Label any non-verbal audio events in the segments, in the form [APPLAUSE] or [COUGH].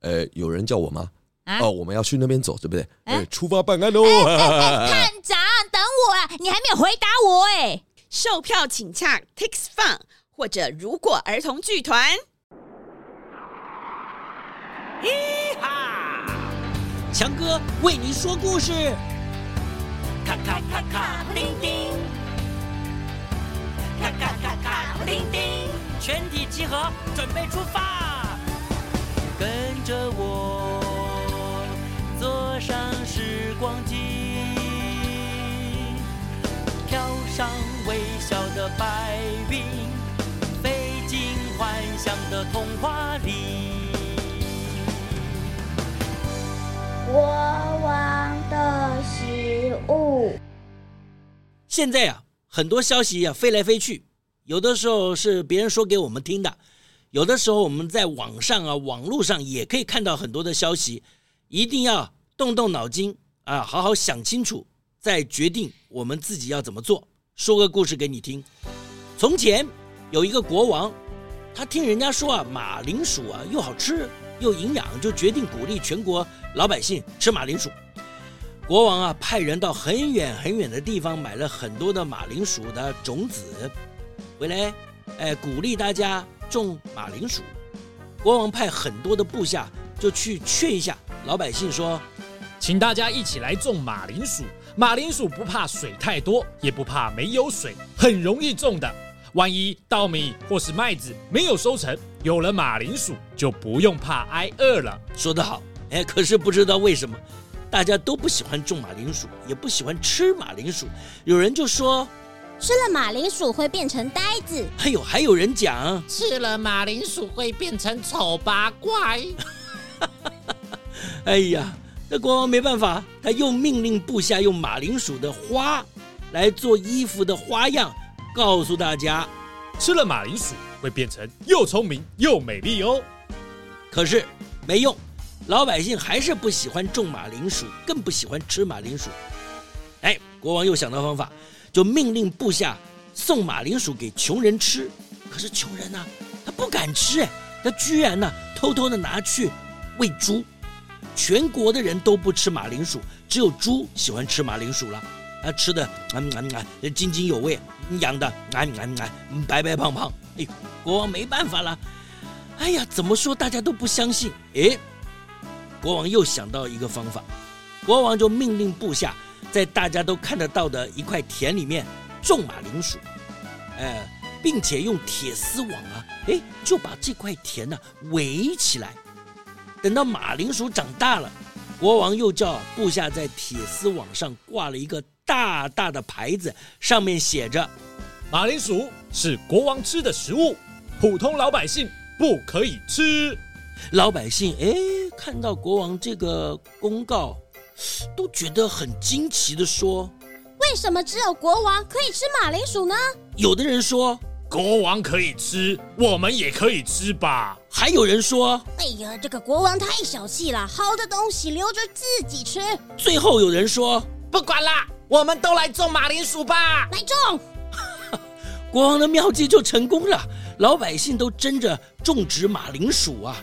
呃，有人叫我嗎？啊、哦，我們要去那邊走，對不對？哎、啊呃，出發辦案嘍、欸欸欸！探長，等我啊，你還沒有回答我哎、欸。售票請洽 Tix Fun，或者如果兒童劇團。一哈，強哥為你說故事。咔咔咔咔，布丁丁。咔咔咔咔，布丁丁。全體集合，準備出發。跟着我，坐上時光機，飄上微笑的白雲，飛進幻想的童話裡。國王的食物。現在呀、啊，很多消息呀、啊，飛來飛去，有的時候是別人說給我們聽的。有的時候我們在網上啊，網絡上也可以看到很多的消息，一定要動動腦筋啊，好好想清楚再決定我們自己要怎麼做。說個故事給你聽：從前有一個國王，他聽人家說啊，馬鈴薯啊又好吃又營養，就決定鼓勵全國老百姓吃馬鈴薯。國王啊，派人到很遠很遠的地方買了很多的馬鈴薯的種子回來，哎，鼓勵大家。種馬鈴薯，國王派很多的部下就去勸一下老百姓，說，請大家一起來種馬鈴薯。馬鈴薯不怕水太多，也不怕沒有水，很容易種的。萬一稻米或是麥子沒有收成，有了馬鈴薯就不用怕挨餓了。說得好，哎，可是不知道為什麼，大家都不喜歡種馬鈴薯，也不喜歡吃馬鈴薯。有人就說。吃了馬鈴薯會變成呆子。哎呦，還有人講，吃了馬鈴薯會變成醜八怪。 [LAUGHS] 哎呀，那國王沒辦法，他又命令部下用馬鈴薯的花來做衣服的花樣，告訴大家吃了馬鈴薯會變成又聰明又美麗哦。可是沒用，老百姓還是不喜歡種馬鈴薯，更不喜歡吃馬鈴薯。哎，國王又想到方法。就命令部下送馬鈴薯給窮人吃，可是窮人呢、啊，他不敢吃，哎，他居然呢、啊、偷偷的拿去餵豬。全國的人都不吃馬鈴薯，只有豬喜歡吃馬鈴薯了，啊，吃的啊啊津津有味，養的啊啊啊白白胖胖。哎，國王沒辦法了，哎呀，怎麼說大家都不相信？哎，國王又想到一個方法，國王就命令部下。在大家都看得到的一塊田裡面種馬鈴薯，呃，並且用鐵絲網啊，誒，就把這塊田呢、啊、圍起來。等到馬鈴薯長大了，國王又叫、啊、部下在鐵絲網上掛了一個大大的牌子，上面寫着：“馬鈴薯是國王吃的食物，普通老百姓不可以吃。”老百姓誒，看到國王這個公告。都覺得很驚奇地說：“為什麼只有國王可以吃馬鈴薯呢？”有的人說：“國王可以吃，我們也可以吃吧。”還有人說：“哎呀，這個國王太小氣了，好的東西留着自己吃。”最後有人說：“不管了，我們都來種馬鈴薯吧！”來種， [LAUGHS] 國王的妙計就成功了，老百姓都爭着種植馬鈴薯啊！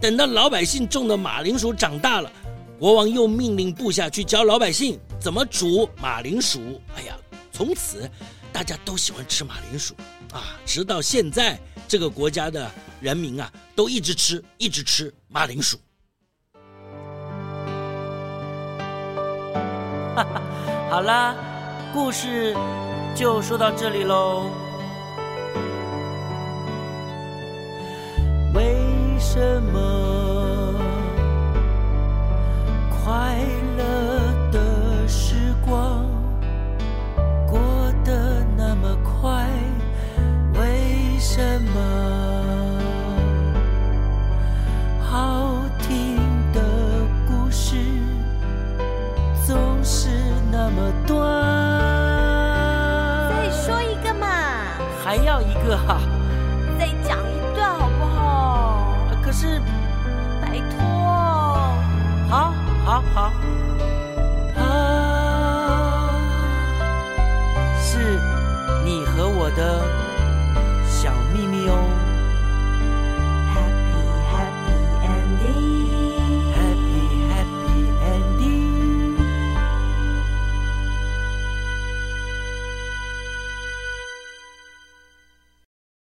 等到老百姓種的馬鈴薯長大了。國王又命令部下去教老百姓怎麼煮馬鈴薯。哎呀，從此大家都喜歡吃馬鈴薯啊，直到現在這個國家的人民啊，都一直吃，一直吃馬鈴薯。哈哈，好啦，故事就說到這裡嘍。為什麼好聽的故事總是那麼短？再說一個嘛？還要一個哈、啊？